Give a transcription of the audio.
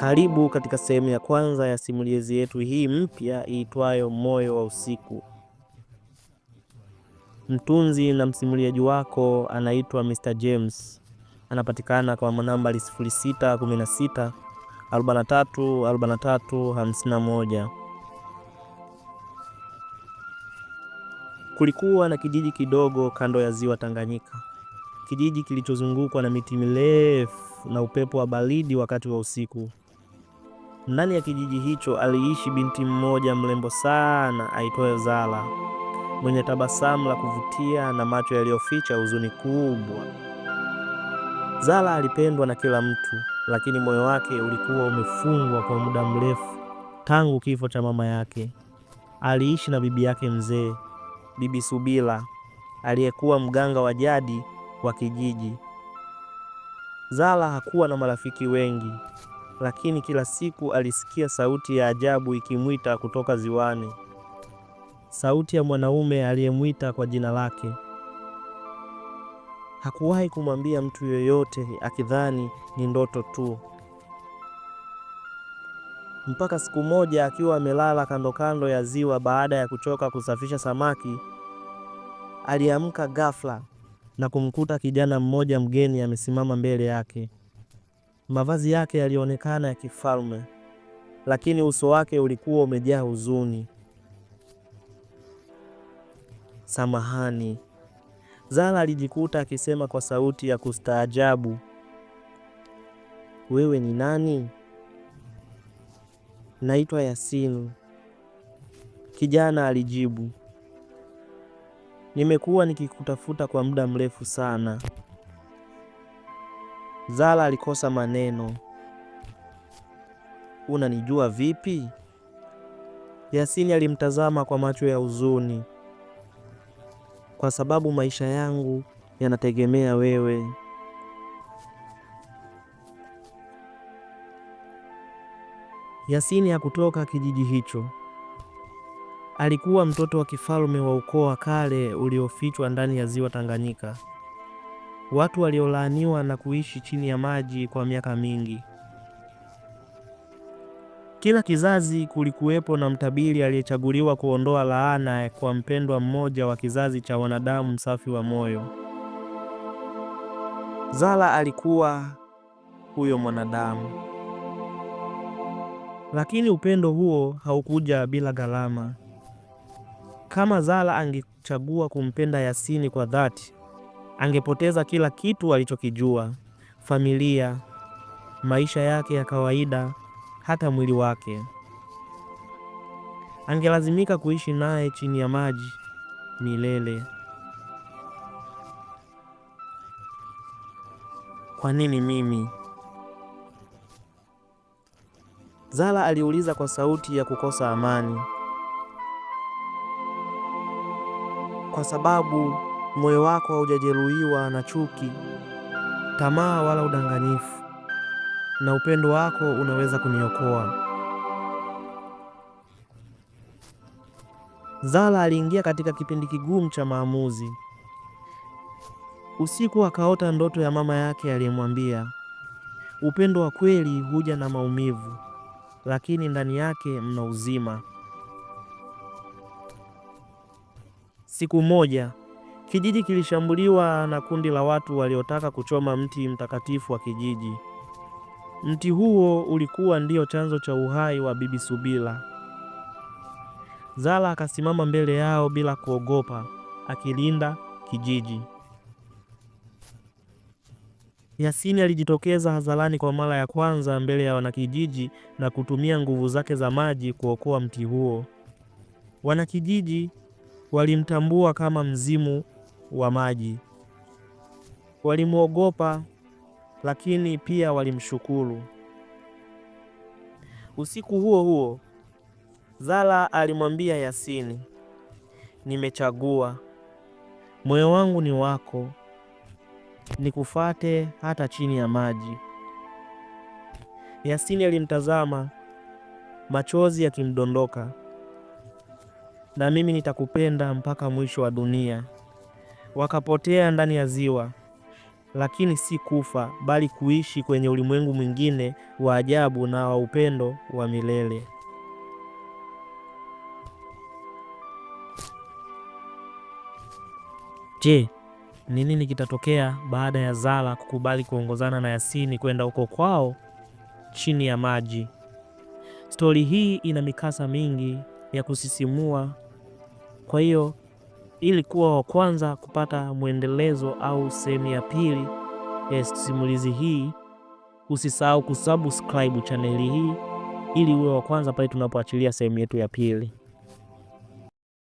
Karibu katika sehemu ya kwanza ya simulizi yetu hii mpya iitwayo Moyo wa Usiku. Mtunzi na msimuliaji wako anaitwa Mr. James, anapatikana kwa nambari 0616 43 43 51. Kulikuwa na kijiji kidogo kando ya ziwa Tanganyika, kijiji kilichozungukwa na miti mirefu na upepo wa baridi wakati wa usiku. Ndani ya kijiji hicho aliishi binti mmoja mrembo sana aitwaye Zara, mwenye tabasamu la kuvutia na macho yaliyoficha huzuni kubwa. Zara alipendwa na kila mtu, lakini moyo wake ulikuwa umefungwa kwa muda mrefu tangu kifo cha mama yake. Aliishi na bibi yake mzee, Bibi Subira, aliyekuwa mganga wa jadi wa kijiji. Zara hakuwa na marafiki wengi lakini kila siku alisikia sauti ya ajabu ikimwita kutoka ziwani, sauti ya mwanaume aliyemwita kwa jina lake. Hakuwahi kumwambia mtu yoyote, akidhani ni ndoto tu, mpaka siku moja akiwa amelala kando kando ya ziwa baada ya kuchoka kusafisha samaki, aliamka ghafla na kumkuta kijana mmoja mgeni amesimama mbele yake. Mavazi yake yalionekana ya kifalme, lakini uso wake ulikuwa umejaa huzuni. Samahani, Zara alijikuta akisema kwa sauti ya kustaajabu, wewe ni nani? Naitwa Yasinu, kijana alijibu. Nimekuwa nikikutafuta kwa muda mrefu sana. Zara alikosa maneno. Unanijua vipi? Yasini alimtazama kwa macho ya huzuni. Kwa sababu maisha yangu yanategemea wewe. Yasini hakutoka kijiji hicho. Alikuwa mtoto wa kifalme wa ukoo wa kale uliofichwa ndani ya ziwa Tanganyika watu waliolaaniwa na kuishi chini ya maji kwa miaka mingi. Kila kizazi kulikuwepo na mtabiri aliyechaguliwa kuondoa laana kwa mpendwa mmoja wa kizazi cha wanadamu msafi wa moyo. Zara alikuwa huyo mwanadamu. Lakini upendo huo haukuja bila gharama. Kama Zara angechagua kumpenda Yasini kwa dhati, angepoteza kila kitu alichokijua: familia, maisha yake ya kawaida, hata mwili wake. Angelazimika kuishi naye chini ya maji milele. Kwa nini mimi? Zara aliuliza kwa sauti ya kukosa amani. Kwa sababu moyo wako haujajeruhiwa na chuki, tamaa wala udanganyifu, na upendo wako unaweza kuniokoa. Zara aliingia katika kipindi kigumu cha maamuzi. Usiku akaota ndoto ya mama yake aliyemwambia, upendo wa kweli huja na maumivu, lakini ndani yake mna uzima. Siku moja Kijiji kilishambuliwa na kundi la watu waliotaka kuchoma mti mtakatifu wa kijiji. Mti huo ulikuwa ndio chanzo cha uhai wa Bibi Subila. Zara akasimama mbele yao bila kuogopa, akilinda kijiji. Yasini alijitokeza hadharani kwa mara ya kwanza mbele ya wanakijiji na kutumia nguvu zake za maji kuokoa mti huo. Wanakijiji walimtambua kama mzimu wa maji. Walimwogopa, lakini pia walimshukuru. Usiku huo huo Zara alimwambia Yasini, nimechagua, moyo wangu ni wako, nikufate hata chini ya maji. Yasini alimtazama, machozi yakimdondoka. Na mimi nitakupenda mpaka mwisho wa dunia wakapotea ndani ya ziwa, lakini si kufa, bali kuishi kwenye ulimwengu mwingine wa ajabu na wa upendo wa milele. Je, ni nini kitatokea baada ya Zara kukubali kuongozana na Yasini kwenda huko kwao chini ya maji? Stori hii ina mikasa mingi ya kusisimua, kwa hiyo ili kuwa wa kwanza kupata mwendelezo au sehemu ya pili ya simulizi hii, usisahau kusubscribe chaneli hii ili uwe wa kwanza pale tunapoachilia sehemu yetu ya pili.